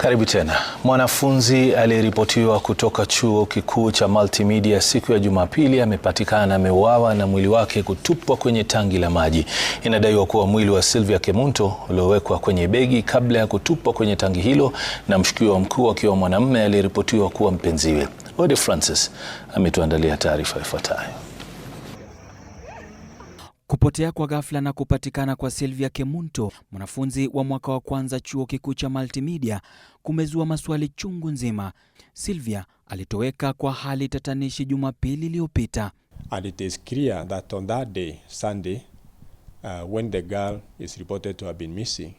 Karibu tena. Mwanafunzi aliyeripotiwa kutoka Chuo Kikuu cha Multimedia siku ya Jumapili amepatikana ameuawa na mwili wake kutupwa kwenye tangi la maji. Inadaiwa kuwa mwili wa Sylvia Kemunto uliowekwa kwenye begi kabla ya kutupwa kwenye tangi hilo na mshukiwa mkuu akiwa mwanamume aliyeripotiwa kuwa mpenziwe. Ode Francis ametuandalia taarifa ifuatayo. Kupotea kwa ghafla na kupatikana kwa Sylvia Kemunto, mwanafunzi wa mwaka wa kwanza chuo kikuu cha Multimedia, kumezua maswali chungu nzima. Sylvia alitoweka kwa hali tatanishi Jumapili iliyopita. And it is clear that on that day, Sunday, uh, when the girl is reported to have been missing,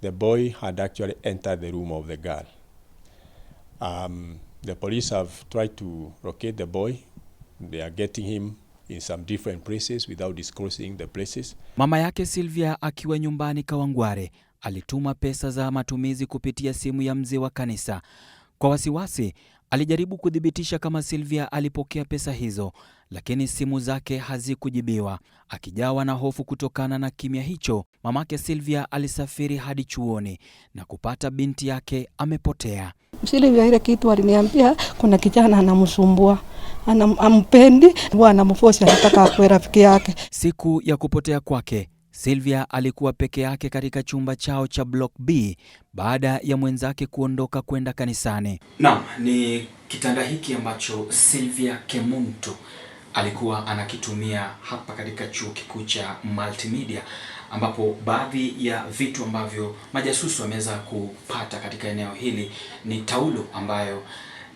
the boy had actually entered the room of the girl. Um, the police have tried to locate the boy. They are getting him in some different places without disclosing the places. Mama yake Sylvia akiwa nyumbani Kawangware alituma pesa za matumizi kupitia simu ya mzee wa kanisa. Kwa wasiwasi, alijaribu kuthibitisha kama Sylvia alipokea pesa hizo, lakini simu zake hazikujibiwa. Akijawa na hofu kutokana na kimya hicho, mamake Sylvia alisafiri hadi chuoni na kupata binti yake amepotea. Sylvia ile kitu aliniambia kuna kijana anamsumbua ampendi, huwa anamfosi, anataka akuwe rafiki yake. Siku ya kupotea kwake silvia alikuwa peke yake katika chumba chao cha Block B baada ya mwenzake kuondoka kwenda kanisani. Naam, ni kitanda hiki ambacho silvia Kemuntu alikuwa anakitumia hapa katika chuo kikuu cha Multimedia ambapo baadhi ya vitu ambavyo majasusi wameweza kupata katika eneo hili ni taulo ambayo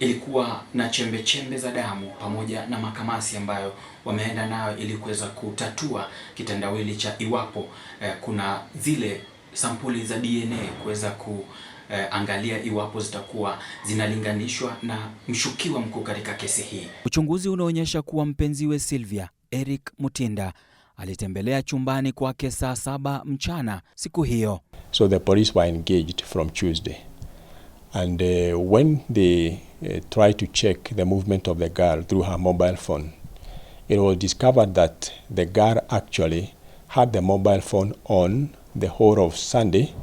ilikuwa na chembe chembe za damu pamoja na makamasi ambayo wameenda nayo ili kuweza kutatua kitendawili cha iwapo eh, kuna zile sampuli za DNA kuweza ku eh, angalia iwapo zitakuwa zinalinganishwa na mshukiwa mkuu katika kesi hii. Uchunguzi unaonyesha kuwa mpenziwe Sylvia Eric Mutinda alitembelea chumbani kwake saa saba mchana siku hiyo. So the police were engaged from Tuesday and uh, when they uh, tried to check the movement of the girl through her mobile phone. It was discovered that the girl actually had the mobile phone on the whole of Sunday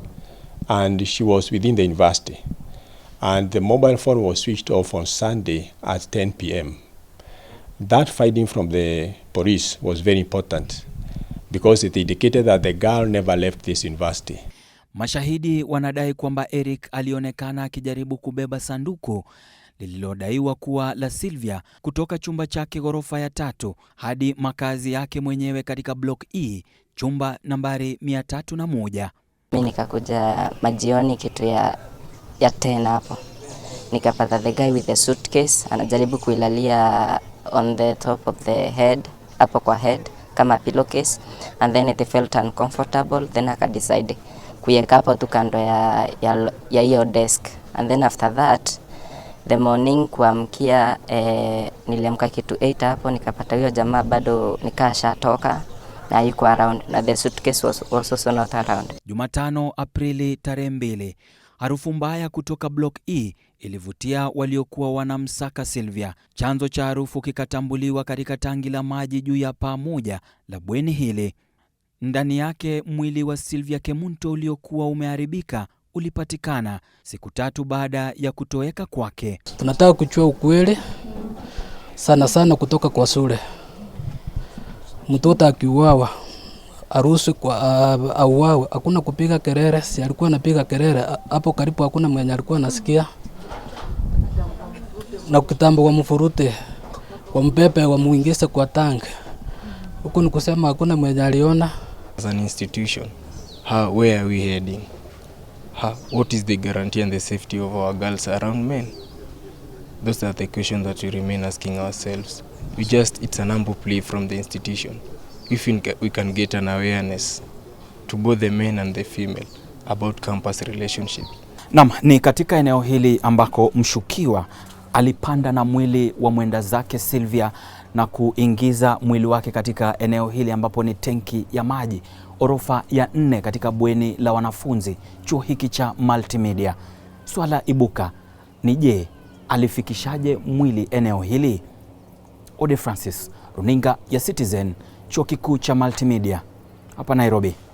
and she was within the university. And the mobile phone was switched off on Sunday at 10 p.m. That finding from the police was very important because it indicated that the girl never left this university. Mashahidi wanadai kwamba Eric alionekana akijaribu kubeba sanduku lililodaiwa kuwa la Silvia kutoka chumba chake ghorofa ya tatu hadi makazi yake mwenyewe katika block E chumba nambari 301. Na Mimi nikakuja majioni kitu ya ya tena hapo nikapata the guy with the suitcase anajaribu kuilalia on the top of the head hapo kwa head kama pillowcase and then it felt uncomfortable then aka decide kuiweka hapo tu kando ya ya hiyo desk and then after that the morning kuamkia eh, niliamka kitu 8 hapo, nikapata huyo jamaa bado nikashatoka na yuko around na the suitcase was also not around. Jumatano Aprili tarehe mbili, harufu mbaya kutoka block E ilivutia waliokuwa wanamsaka Sylvia. Chanzo cha harufu kikatambuliwa katika tangi la maji juu ya paa moja la bweni hili. Ndani yake mwili wa Sylvia Kemunto uliokuwa umeharibika ulipatikana siku tatu baada ya kutoweka kwake. Tunataka kuchua ukweli sana sana kutoka kwa Sule. Mtoto akiuawa aruhusi kwa auawe, hakuna kupiga kelele. Si alikuwa anapiga kelele hapo karibu, hakuna mwenye alikuwa anasikia, na kitambo mpepe wa wamuingize kwa tanki huku, ni kusema hakuna mwenye aliona. As an institution, how, where are we heading? ha, what is the guarantee and the safety of our girls around men? Those are the questions that we remain asking ourselves. We just, it's an humble plea from the institution. If we can get an awareness to both the men and the female about campus relationships. Naam, ni katika eneo hili ambako mshukiwa alipanda na mwili wa mwenda zake Sylvia na kuingiza mwili wake katika eneo hili ambapo ni tenki ya maji orofa ya nne katika bweni la wanafunzi chuo hiki cha Multimedia. Swala ibuka ni je, alifikishaje mwili eneo hili? Ode Francis, runinga ya Citizen, chuo kikuu cha Multimedia hapa Nairobi.